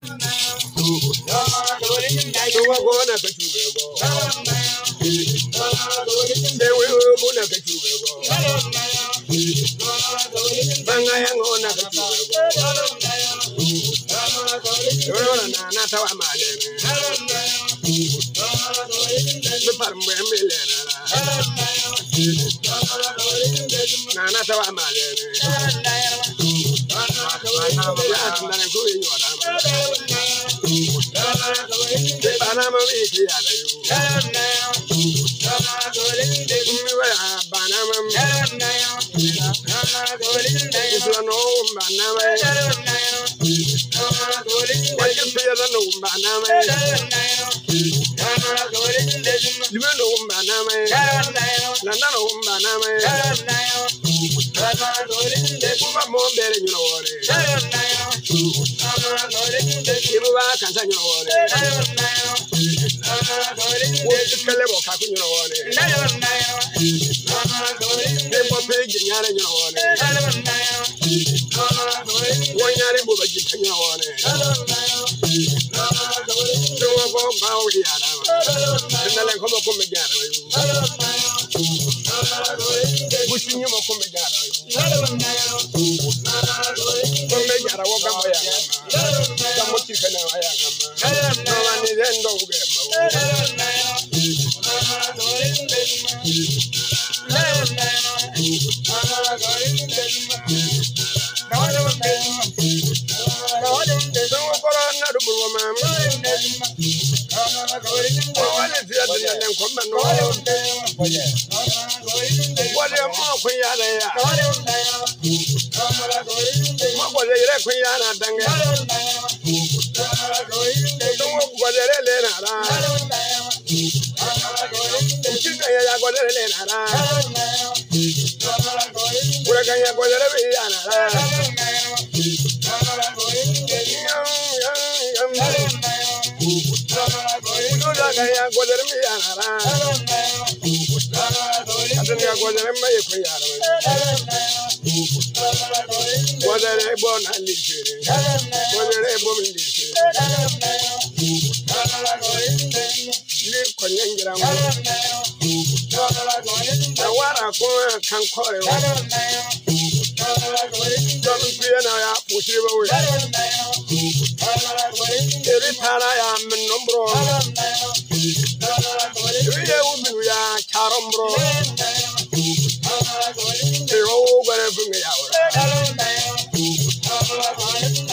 Nana, so I'm Come on, baby, you know what it is. I kansa not wɔne awoga moya tamutika na kukwazere kwira na dange tun wo kukwazere le na ra uchiga ya ya kwazere le na ra kuraka ya kwazere bi ya na ra Kudu da kaya gwadar mi yanara gwadara mmanya ekwe ya ara gwadara ebe ọ na lisere gwadara ebe m lisere ndị konye njira nwa na wara kụrụ ha ka nkọrị John Kuya na ya kwụsịrị bawe eritara ya mmemme mbụrụ ewu biru ya chara mbụrụ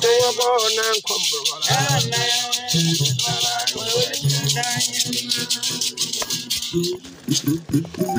Kuyabona nkumbura Thank you.